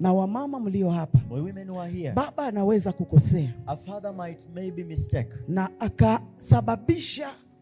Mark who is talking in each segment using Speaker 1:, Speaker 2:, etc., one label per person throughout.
Speaker 1: na wamama mlio hapa, baba anaweza kukosea na akasababisha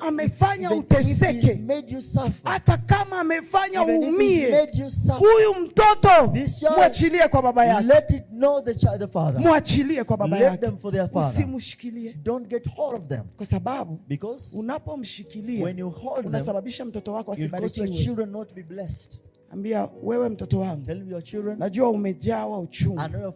Speaker 1: amefanya uteseke, hata kama amefanya uumie, huyu mtoto mwachilie kwa baba yake, kwa baba yake, kwa sababu unapomshikilia unasababisha mtoto wako asibarikiwe. Ambia wewe mtoto wangu, najua umejawa uchungu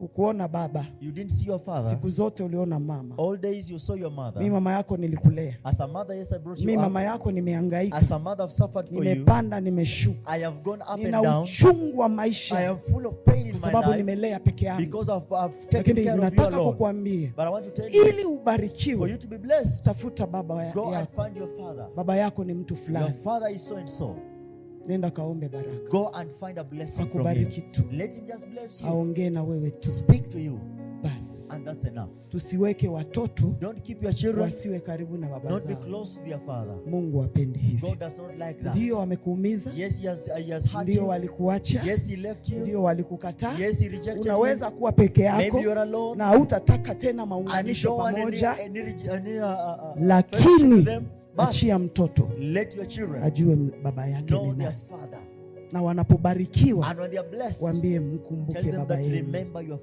Speaker 1: Ukuona baba. You didn't see your father. Siku zote uliona mama. All days you saw your mother. Mimi mama yako nilikulea. As a mother, yes, I brought you Mimi mama yako nimehangaika. As a mother, I've suffered for you. Nimepanda, nimeshuka. I have gone up Nina and down. uchungu wa maisha. I am full of pain in my life. sababu nimelea peke yangu. Because I've taken care of you alone. nataka kukuambia. But I want to tell you. Ili ubarikiwe. For you to be blessed. Tafuta baba yako. Baba yako ni mtu fulani. Your father is so and so. Nenda kaombe baraka. Go and find a blessing from him. Let him just bless you. na wewe tu. Speak to you. Bas. And that's enough. Tusiweke watoto Don't keep your children. Wasiwe karibu na baba apendi hivndio be close to their father. Mungu God does not like that. amekuumiza. Yes, he has, he has you. Ndio walikuacha. Yes, he left you. Ndio walikukataa. Yes, he rejected you. Unaweza kuwa peke yako na hutataka tena maunganisho pamoja. Uh, uh, uh, Lakini achia mtoto ajue baba yake ni nani, na wanapobarikiwa wambie mkumbuke baba yenu.